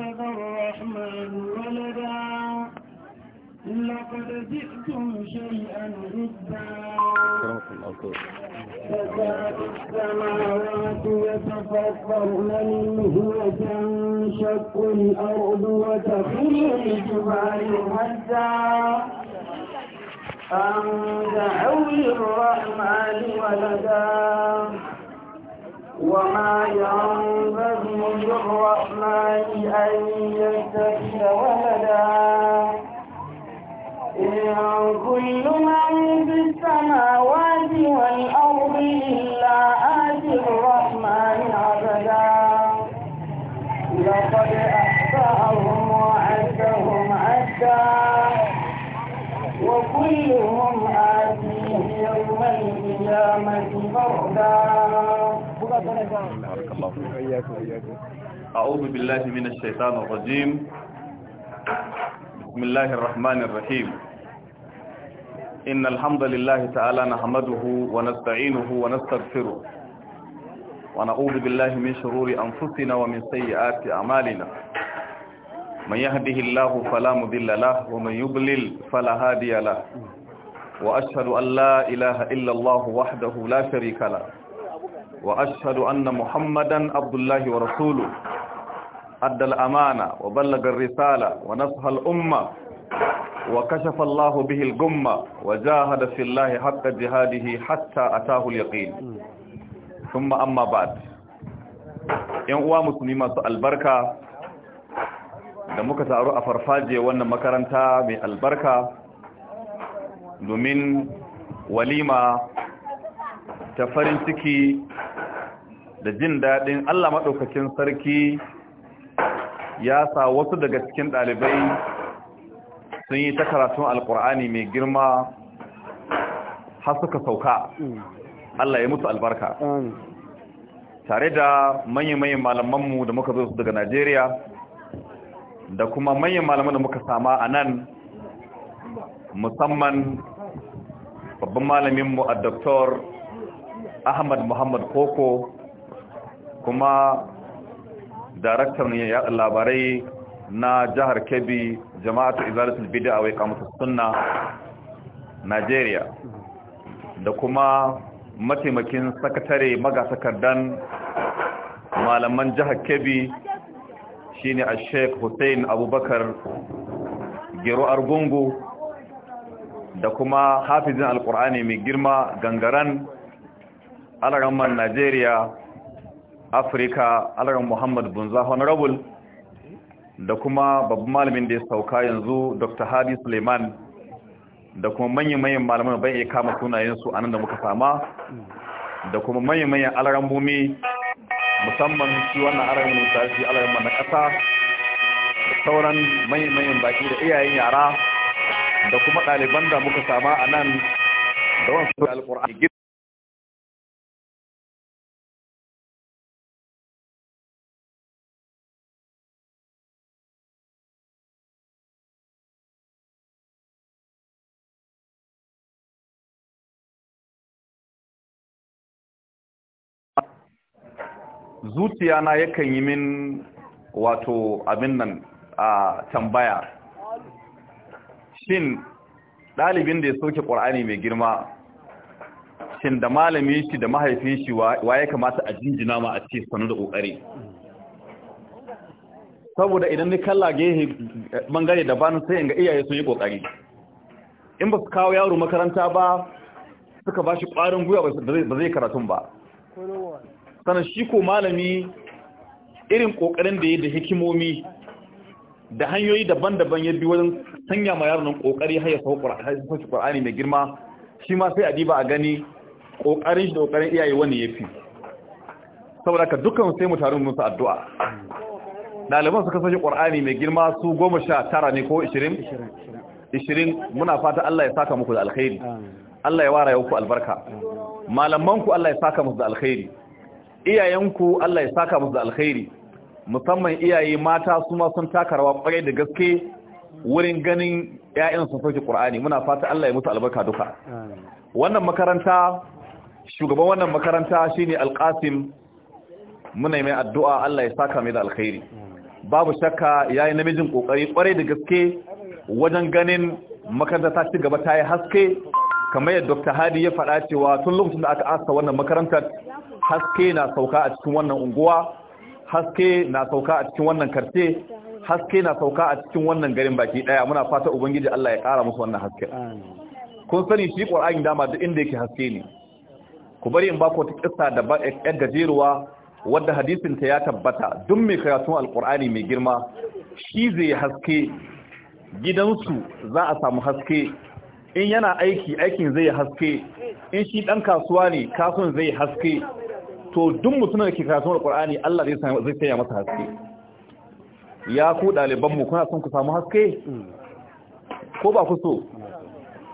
اتخذ الرحمن ولدا لقد جئتم شيئا إدا فسعت السماوات يتفطرن منه وتنشق الأرض وتخر الجبال هدا أن دعوا للرحمن ولدا وما ينبغي للرحمن أن يتخذ ولدا إن كل من في السماوات والأرض إلا آتي الرحمن عبدا لقد أحصاهم وعدهم عدا وكلهم آتيه يوم القيامة فردا أعوذ بالله من الشيطان الرجيم بسم الله الرحمن الرحيم إن الحمد لله تعالى نحمده ونستعينه ونستغفره ونعوذ بالله من شرور أنفسنا ومن سيئات أعمالنا من يهده الله فلا مضل له ومن يضلل فلا هادي له وأشهد أن لا إله إلا الله وحده لا شريك له وأشهد أن محمدا عبد الله ورسوله أدى الأمانة وبلغ الرسالة ونصح الأمة وكشف الله به الغمة وجاهد في الله حق جهاده حتى أتاه اليقين ثم أما بعد yan uwa musulmi masu albarka da muka taru a farfaje wannan makaranta mai albarka domin walima ta farin ciki da jin daɗin Allah maɗaukakin sarki ya sa wasu daga cikin ɗalibai sun yi ta karatun alƙur'ani mai girma har suka sauka Allah ya mutu albarka tare da manyan-manyan malamanmu da muka zo su daga Najeriya da kuma manyan malaman da muka sama a nan musamman babban malaminmu a Dr. Ahmad Muhammad Koko kuma daraktan labarai na jihar kebbi jama'atu izalatul bid'a wa iqamatu sunna Najeriya da kuma mataimakin sakatare magasakardan malaman jihar kebbi shine a sheik hussein abubakar gero argungu da kuma hafizin alkur'ani mai girma gangaran alaraman najeriya afirka alaran muhammad bunza honorable da kuma babban malamin da ya sauka yanzu dr hadi suleiman da kuma manyan-manyan malaman ban iya kama sunayensu a nan da muka sama da kuma manyan-manyan alaran bumi musamman shi wannan alaran shi alaran mana ƙasa da sauran manyan-manyan baki da iyayen yara da kuma ɗaliban da muka sama a nan da wasu alƙur'ani zuciya na yakan yi min wato abin nan a tambaya shin ɗalibin da ya soke ƙwar'ani mai girma shin da malamin shi da mahaifin shi wa ya kamata a jinjina ma a ce sanu da ƙoƙari saboda idan ni kalla gehe bangare banu sai in ga iyaye sun yi ƙoƙari in ba su kawo yaro makaranta ba suka ba shi ƙwarin gwiwa ba zai karatun ba sannan shi ko malami irin kokarin da ya da hikimomi da hanyoyi daban-daban ya bi wajen sanya ma yaron kokari har ya sauki ƙwar'ani mai girma shi ma sai a diba a gani kokarin shi da kokarin iyaye wani yafi saboda ka dukkan sai mu taru musu addu'a ɗaliban suka sauke ƙwar'ani mai girma su goma sha tara ne ko ishirin-ishirin muna fata Allah ya saka muku da alkhairi Allah ya wara ya ku albarka malaman ku Allah ya saka musu da alkhairi iyayenku Allah ya saka musu da alkhairi musamman iyaye mata su ma sun taka rawa kwarai da gaske wurin ganin ƴaƴan su sauke Qur'ani muna fata Allah ya musu albarka duka wannan makaranta shugaban wannan makaranta shine Al-Qasim muna mai addu'a Allah ya saka mai da alkhairi babu shakka yayi namijin kokari kwarai da gaske wajen ganin makaranta ta ci gaba ta yi haske kamar yadda Dr. Hadi ya faɗa cewa tun lokacin da aka aska wannan makarantar haske na sauka a cikin wannan unguwa haske na sauka a cikin wannan karshe haske na sauka a cikin wannan garin baki daya muna fata ubangiji Allah ya kara musu wannan haske kun sani shi Qur'ani dama duk inda yake haske ne ku bari in ba ku ta kissa da yar gajeruwa wadda hadisin ta ya tabbata duk mai karatun alqur'ani mai girma shi zai haske gidansu za a samu haske in yana aiki aikin zai haske in shi dan kasuwa ne kasuwan zai haske to duk mutumin da ke karatun Qur'ani Allah zai zai saya masa haske ya ku daliban mu kuna son ku samu haske ko ba ku so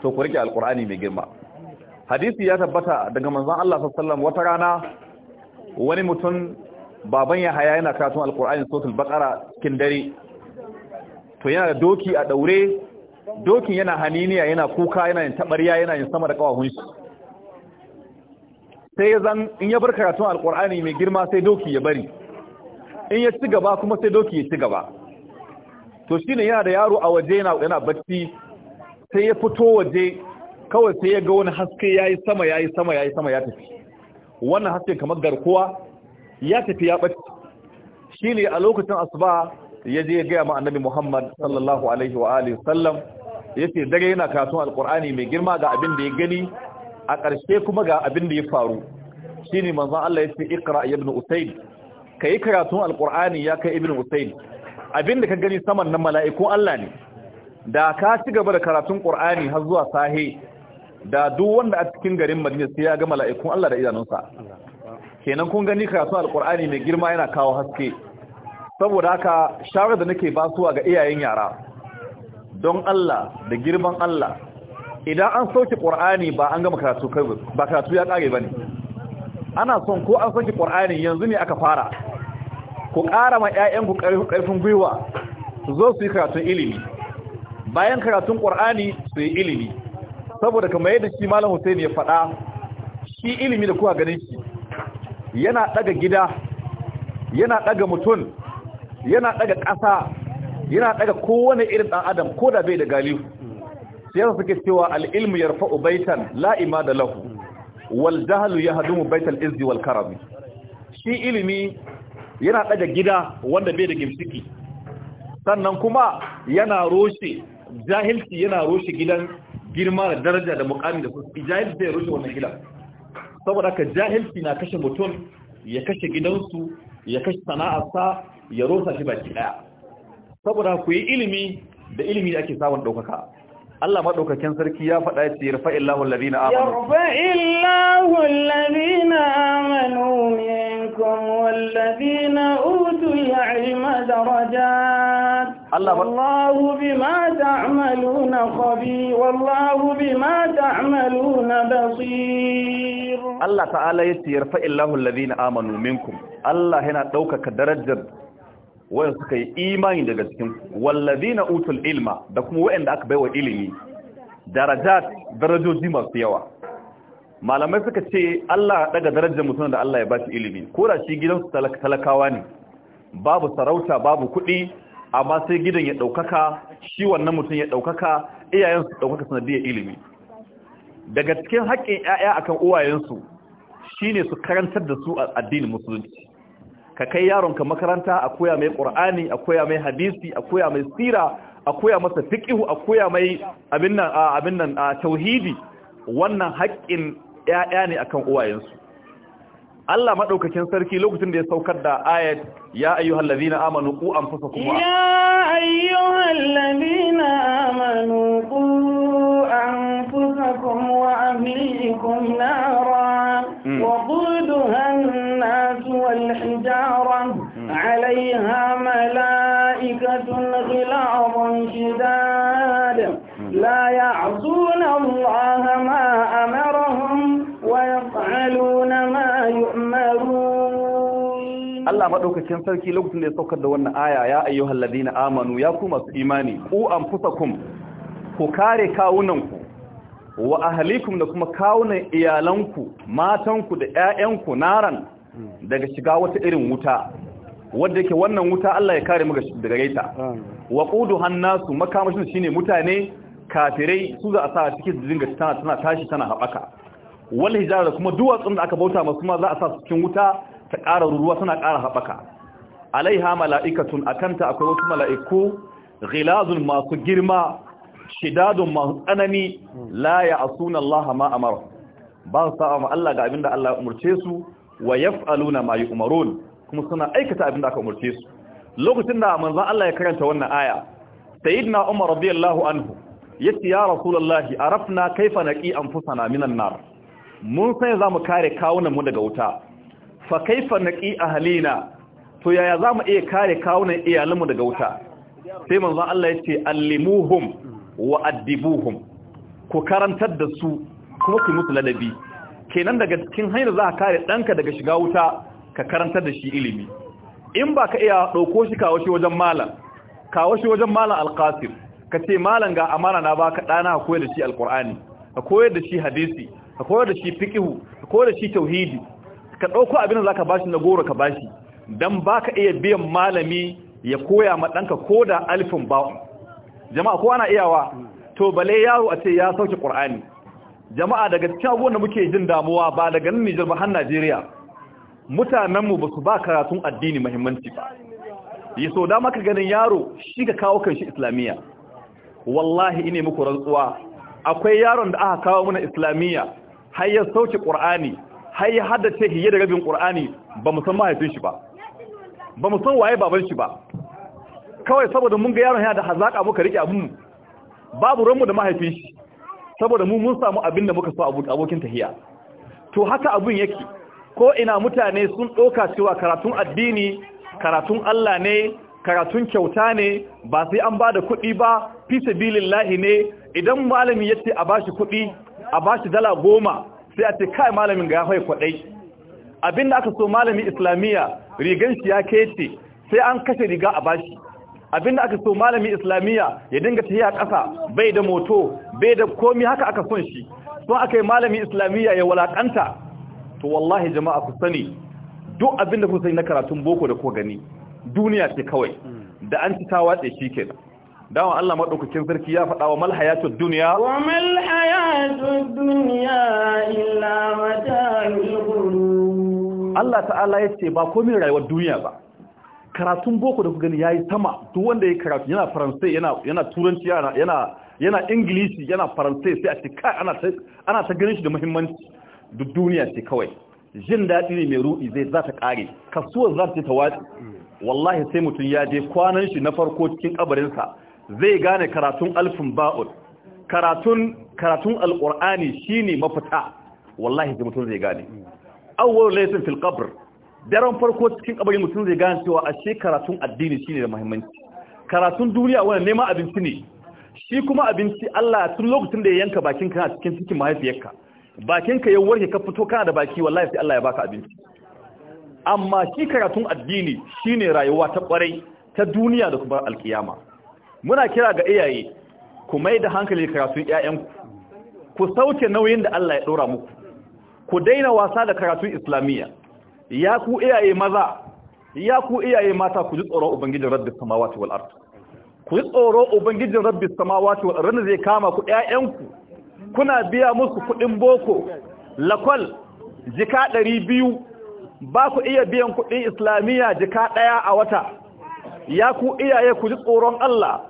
to ku rike alqur'ani mai girma hadisi ya tabbata daga manzon Allah sallallahu alaihi wasallam wata rana wani mutum baban ya haya yana karatun alqur'ani suratul baqara kin dare to yana da doki a daure dokin yana haniniya yana kuka yana yin tabariya yana yin sama da kawahun shi sai ya zan in ya bar karatun alkur'ani mai girma sai doki ya bari in ya ci gaba kuma sai doki ya ci gaba to shine yana da yaro a waje yana yana bacci sai ya fito waje kawai sai ya ga wani haske yayi sama yayi sama yayi sama ya tafi wannan haske kamar garkuwa ya tafi ya bacci shine a lokacin asuba ya je ya gaya ma annabi Muhammad sallallahu alaihi wa alihi sallam yace dare yana karatun alkur'ani mai girma ga abin da ya gani a ƙarshe kuma ga abin da ya faru Shi ne manzan Allah ya yace iqra ibn usayd kai karatun alkurani ya kai ibn usayd abin da ka gani saman nan mala'iku Allah ne da ka ci gaba da karatun ƙur'ani har zuwa sahe da duk wanda a cikin garin Madina sai ya ga mala'ikun Allah da idanunsa kenan kun gani karatun alkur'ani mai girma yana kawo haske saboda haka shawarar da nake basuwa ga iyayen yara don Allah da girman Allah idan an sauke ƙur'ani ba an gama karatu kai ba karatu ya ƙare ba ne ana son ko an sauke ƙur'ani yanzu ne aka fara ku ƙara ma 'ya'yanku ƙarfin gwiwa su zo su yi karatun ilimi bayan karatun ƙur'ani su yi ilimi saboda kamar yadda shi malam Hussein ya faɗa shi ilimi da kuwa ganin shi yana ɗaga gida yana ɗaga mutum yana ɗaga ƙasa yana daga kowane irin dan adam ko da bai da galihu sai yasa suke cewa al-ilmu yarfa'u baitan la imada lahu wal jahlu yahdumu baital izzi wal karami shi ilimi yana daga gida wanda bai da gimsiki sannan kuma yana roshe jahilci yana roshe gidan girma da daraja da mukami da kusa jahilci zai roshe wannan gidan saboda ka jahilci na kashe mutum ya kashe gidansu ya kashe sana'arsa ya rosa shi baki daya saboda ku yi ilimi da ilimi da ake samun ɗaukaka Allah maɗaukakin sarki ya faɗa ya ce yarfa'in lahun lalina amanu yarfa'in lahun lalina amanu minkum wallazina utul ilma darajat Allah wallahu bima ta'maluna khabir wallahu amalu na basir Allah ta'ala ya ce yarfa'in lahun lalina amanu minkum Allah yana ɗaukaka darajar wanda suka yi imani daga cikin na utul ilma da kuma wanda aka baiwa ilimi darajat darajoji masu yawa malamai suka ce Allah daga darajar mutum da Allah ya ba shi ilimi ko da shi gidansu talakawa ne babu sarauta babu kuɗi amma sai gidan ya ɗaukaka shi wannan mutum ya ɗaukaka iyayensu ɗaukaka sanadiyar ilimi daga cikin haƙƙin 'ya'ya akan uwayensu shine su karantar da su a addinin musulunci ka kai yaronka makaranta a koya mai ƙur'ani, a koya mai hadisi a koya mai sira a koya masa fiqhu a koya mai abin nan abin nan tauhidi wannan haƙƙin ƴaƴa ne akan uwayensu Allah madaukakin sarki lokacin da ya saukar da ayat ya ayyuhallazina amanu qu anfusakum wa ya Allah madaukakin sarki lokacin da ya saukar da wannan aya ya ayyuhal ladina amanu ya ku masu imani ku anfusakum ku kare kawunanku wa ahlikum da kuma kawunan iyalanku matanku da ƴaƴanku naran daga shiga wata irin wuta wadda yake wannan wuta Allah ya kare mu daga gaita wa hannasu makamashin shine mutane kafirai su za a sa cikin dinga tana tana tashi tana haɓaka wal hijara kuma duwatsun da aka bauta masu ma za a sa cikin wuta ta ƙara ruruwa suna ƙara haɓaka alaiha mala'ikatun a kanta akwai wasu mala'iku ghilazun masu girma shidadun masu tsanani la a asuna Allah ma mara ba su sa'a ma Allah ga abinda Allah umarce su wa Aluna ma yi umarun kuma suna aikata abinda aka umarce su lokacin da manzon Allah ya karanta wannan aya na Umar radiyallahu anhu yace ya rasulullahi arafna kaifa naqi anfusana minan nar mun sai mu kare kawunan mu daga wuta fa kaifa naqi ahlina to yaya zamu iya kare kawunan iyalanmu daga wuta sai manzo Allah yace allimuhum wa addibuhum ku karantar da su kuma ku musu ladabi kenan daga cikin hanyar za ka kare ɗanka daga shiga wuta ka karantar da shi ilimi in ba ka iya dauko shi kawo shi wajen malam kawo shi wajen malam alqasim ka ce malam ga amana na baka dana koyar da shi alqur'ani ka koyar da shi hadisi ka koyar da shi fiqhu ka koyar da shi tauhidi ka ɗauko abin da za ka bashi na goro ka bashi don ba ka iya biyan malami ya koya ma ɗanka ko da alifin ba jama'a kowa na iyawa to bale yaro a ce ya sauke ƙur'ani jama'a daga cikin abubuwan da muke jin damuwa ba daga nan nijar ba har najeriya mutanenmu ba su ba karatun addini muhimmanci ba yi so da maka ganin yaro shi ka kawo kan shi islamiyya wallahi ine muku rantsuwa akwai yaron da aka kawo mana islamiyya har ya sauke ƙur'ani har ya haddace hiye da rabin qur'ani ba mu san mahaifin shi ba ba mu san waye baban shi ba kawai saboda mun ga yaron yana da hazaka muka rike abun babu ranmu da mahaifin shi saboda mu mun samu abin da muka so abokin tahiya to haka abin yake ko ina mutane sun doka cewa karatun addini karatun Allah ne karatun kyauta ne ba sai an bada kuɗi ba fi sabilillahi ne idan malami yace a bashi kuɗi a bashi dala goma sai a ce kai malamin ga ya kwaɗai abinda aka so malamin islamiyya rigan shi ya kece sai an kashe riga a bashi abinda aka so malamin islamiyya ya dinga tafiya ƙasa bai da moto bai da komi haka aka son shi sun aka yi malamin islamiyya ya walakanta to wallahi jama'a ku sani duk abinda ku sani na karatun boko da ko gani duniya ce kawai da an ci ta watse shi kenan dawon Allah maɗaukakin sarki ya faɗa wa malhayatul duniya wa duniya Allah ta'ala ya ce ba komai rayuwar duniya ba karatun boko da ku gani yayi sama duk wanda ya karatu yana faransai yana yana turanci yana yana yana ingilishi yana faransai sai a ce kai ana ta ana ta ganin shi da muhimmanci duk duniya ce kawai jin dadi ne mai ruɗi zai za ta kare. kasuwar za ta tawaci wallahi sai mutum ya je kwanan shi na farko cikin kabarin sa zai gane karatun alfin ba'ul karatun karatun alqur'ani shine mafita wallahi sai mutum zai gane awwal laysa fil qabr daren farko cikin kabarin mutum zai gane cewa ashe karatun addini shine da muhimmanci karatun duniya wannan nema abinci ne shi kuma abinci Allah tun lokacin da ya yanka bakin ka cikin cikin mahaifiyarka bakin ka ya warke ka fito kana da baki wallahi sai Allah ya baka abinci amma shi karatun addini shine rayuwa ta kwarai ta duniya da kuma alkiyama muna kira ga iyaye ku mai da hankali karatun 'ya'yanku, ku sauke nauyin da Allah ya dora muku ku daina wasa da karatun islamiyya ya ku iyaye maza ya ku iyaye mata ku ji tsoron ubangijin rabbi samawati wal ard ku ji tsoron ubangijin rabbi samawati wal ard zai kama ku ƴaƴanku kuna biya musu kuɗin boko lakwal jika ɗari biyu ba ku iya biyan kuɗin islamiyya jika ɗaya a wata ya ku iyaye ku ji tsoron Allah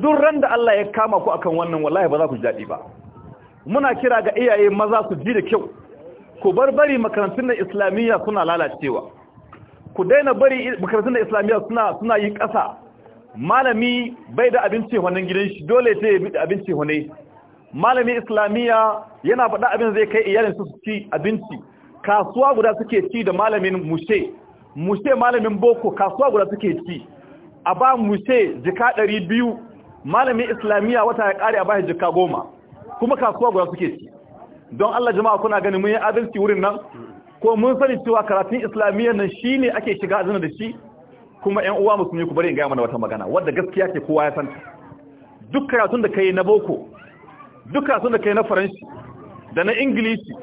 duk ran da Allah ya kama ku akan wannan wallahi ba za ku ji daɗi ba muna kira ga iyaye maza su ji da kyau ku bar bari makarantun na islamiyya suna lalacewa ku daina bari makarantun na islamiyya suna suna yin ƙasa malami bai da abinci wannan gidan shi dole sai bi abinci hone malami islamiyya yana faɗa abin zai kai iyalin su ci abinci kasuwa guda suke ci da malamin mushe mushe malamin boko kasuwa guda suke ci a ba mushe jika ɗari biyu malamin islamiyya wata ya ƙare a ba jika goma kuma kasuwa guda suke ci don Allah jama'a kuna gani mun yi adalci wurin nan ko mun sani cewa karatun islamiyyar nan shine ake shiga azuna da shi kuma ƴan uwa musulmi ku bari in ga mana wata magana wadda gaskiya ke kowa ya santa duk karatun da kai na boko duk karatun da kai na faransi da na ingilishi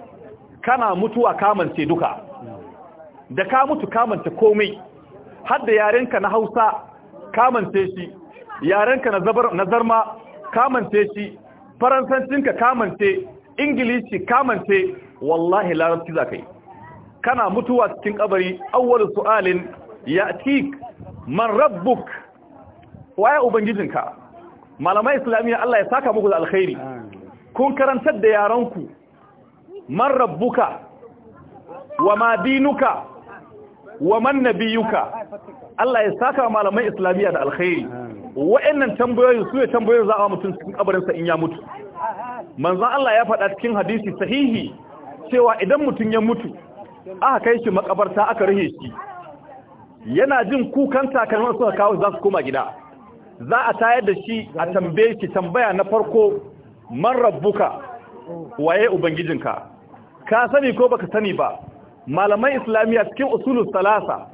kana mutuwa kamance duka da ka mutu kamance komai har da yarenka na Hausa kamance shi yarenka na zarma kamance shi faransancinka kamance ingilishi kamance wallahi larabci za ka yi kana mutuwa cikin kabari awwal su'alin ya'tik man rabbuk waye ubangijinka malamai islamiyya Allah ya saka muku da alkhairi kun karantar da yaranku man rabbuka wa ma dinuka wa man nabiyuka Allah ya saka malamai islamiyya da alkhairi wa'annan tambayoyi su ne tambayoyin za a mutum cikin kabarinsa in ya mutu manzan Allah ya faɗa cikin hadisi sahihi cewa idan mutum ya mutu aka kai shi makabarta aka rihe shi yana jin kukan takalman suka kawo za su koma gida za a tayar da shi a tambaye shi tambaya na farko man rabbuka waye ubangijinka ka sani ko baka sani ba malaman islamiyya cikin usulul salasa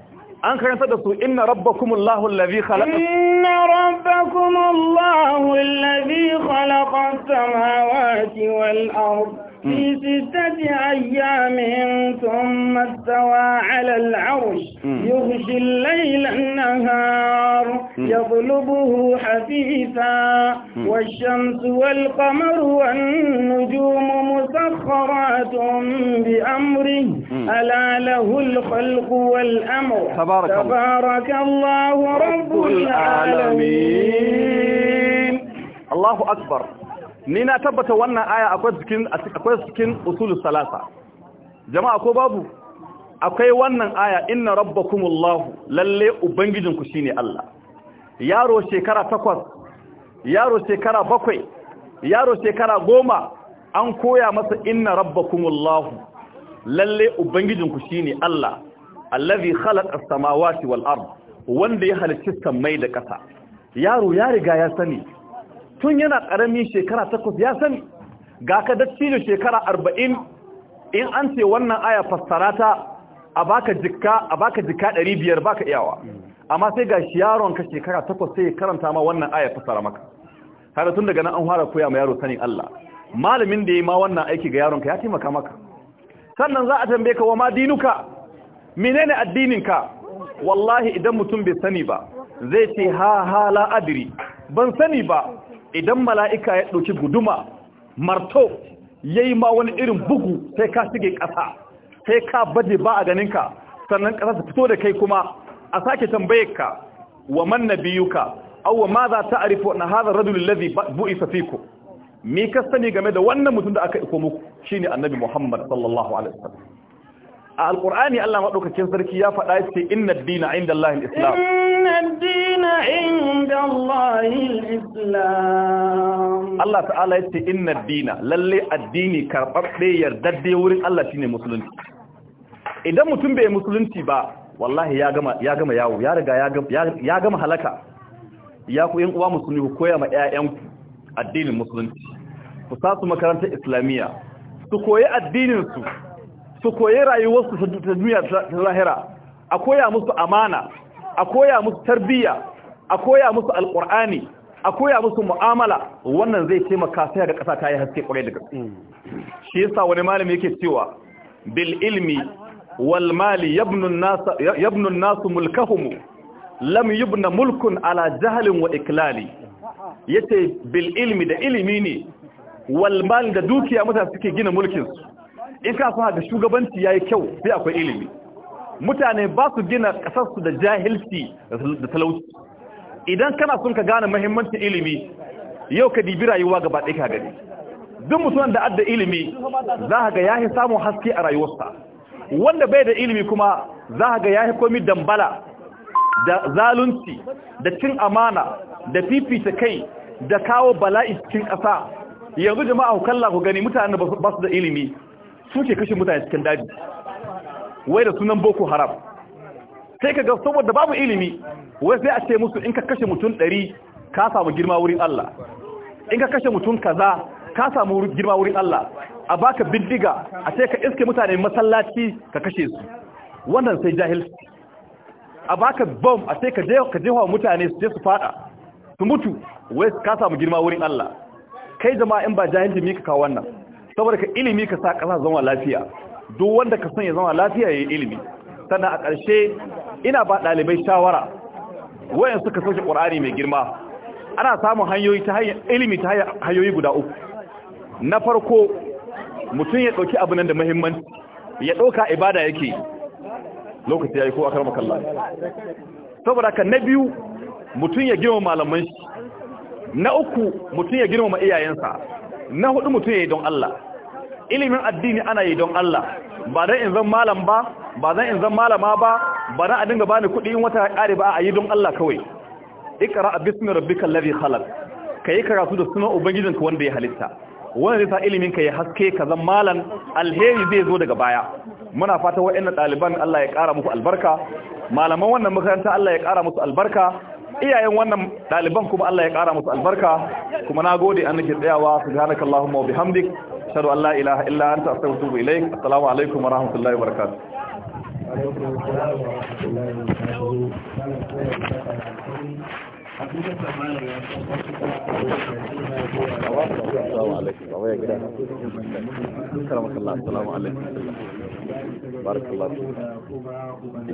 an karanta da su inna rabbakumullahu allazi khalaqa ربكم الله الذي خلق السماوات والأرض في ستة أيام ثم استوى على العرش يغشي الليل النهار يطلبه حثيثا والشمس والقمر والنجوم مسخرات بأمره ألا له الخلق والأمر تبارك, تبارك الله رب العالمين الله أكبر ni na tabbata wannan aya akwai cikin usulul salasa jama'a ko babu akwai wannan aya inna rabbakumullahu lalle ubangijinku shine Allah yaro shekara takwas yaro shekara bakwai yaro shekara goma an koya masa inna rabbakumullahu lalle ubangijinku shine Allah allazi khalaqa as-samawati wal ard wanda ya halicci samai da ƙasa yaro ya riga ya sani tun yana ƙaramin shekara takwas ya sani ga ka dattijo shekara arba'in in an ce wannan aya fassara ta a baka jika a baka jika ɗari biyar baka iyawa amma sai ga shi yaron shekara takwas sai karanta ma wannan aya fassara maka har tun daga nan an fara koya ma yaro sanin Allah malamin da yayi ma wannan aiki ga yaron ya taimaka maka sannan za a tambaye ka wa ma dinuka menene addinin ka wallahi idan mutum bai sani ba zai ce ha ha la adri ban sani ba idan mala'ika ya ɗauki guduma marto ya yi ma wani irin bugu sai ka shige ƙasa sai ka baje ba a ganinka sannan ƙasa ta fito da kai kuma a sake tambayar ka wa man nabiyuka ma za ta ta'rifu na hadha ar-rajul bui bu'itha me ka sani game da wannan mutum da aka iko muku shine annabi Muhammad sallallahu alaihi wasallam a alkur'ani Allah maɗaukakin sarki ya faɗa ce inna dina inda Allah islam Allah ta'ala ya ce inna dina lalle addini karɓaɓɓe yardadde wurin Allah shine musulunci idan mutum bai musulunci ba wallahi ya gama yawo ya riga ya gama halaka ya ku yin uwa musulmi ku koya ma ƴaƴanku addinin musulunci ku sa su makarantar islamiyya su koyi addinin su su koyi rayuwarsu ta duniya ta lahira a koya musu amana a koya musu tarbiyya a koya musu alƙur'ani a koya musu mu'amala wannan zai taimaka sai ga kasa ta yi haske kwarai da shi yasa wani malami yake cewa bil ilmi wal mali yabnu an-nas yabnu an-nas mulkahum lam yubna mulkun ala jahlin wa iklali yace bil ilmi da ilimi ne wal mali da dukiya mutane suke gina mulkin su in ka kuma da shugabanci yayi kyau sai akwai ilimi mutane ba su gina su da jahilci da talauci idan kana son ka gane muhimmancin ilimi yau ka dibi rayuwa gaba ɗaya ka gani duk mutumin da adda ilimi za ka ga yahi samun haske a rayuwarsa wanda bai da ilimi kuma za ka ga yahi komi dambala da zalunci da cin amana da fifita kai da kawo bala'i cikin ƙasa yanzu jama'a ku kalla ku gani mutane ba su da ilimi su ke kashe mutane cikin daji wai da sunan boko haram sai ka ga saboda babu ilimi wai sai a ce musu in ka kashe mutum ɗari ka samu girma wurin Allah in ka kashe mutum kaza ka samu girma wurin Allah a baka bindiga a ce ka iske mutane masallaci ka kashe su wannan sai jahilci a baka bom a ce ka je wa mutane su je su fada su mutu wai ka samu girma wurin Allah kai jama'a in ba jahilci mika kawo wannan saboda ka ilimi ka sa ƙasa zama lafiya duk wanda ka sanya ya zama lafiya ya yi ilimi sannan a ƙarshe ina ba ɗalibai shawara wayan suka sauke ƙur'ani mai girma ana samun hanyoyi ta hanyar ilimi ta hanyoyi guda uku na farko mutum ya ɗauki abu nan da muhimmanci ya ɗauka ibada yake lokaci ya yi ko a karmar kalla saboda ka na biyu mutum ya girma malaman shi na uku mutum ya girma iyayensa na hudu mutum yayi don Allah ilimin addini ana yi don Allah ba dan in zan malam ba ba dan in zan malama ba ba dan a dinga bani kuɗi in wata kare ba a yi don Allah kawai ikra bismi rabbikal ladhi khalaq kai karatu da sunan ubangijinka wanda ya halitta wannan zai sa ilimin ka ya haske ka zan malam alheri zai zo daga baya muna fata wa'annan ɗaliban Allah ya ƙara muku albarka malaman wannan makaranta Allah ya kara musu albarka iyayen wannan ɗaliban kuma Allah ya ƙara musu albarka kuma na gode an nake tsayawa subhanakallahumma wa bihamdik ashhadu an la ilaha illa anta astaghfiruka wa atubu assalamu alaikum wa rahmatullahi wa barakatuh Assalamu alaikum. Barakallahu.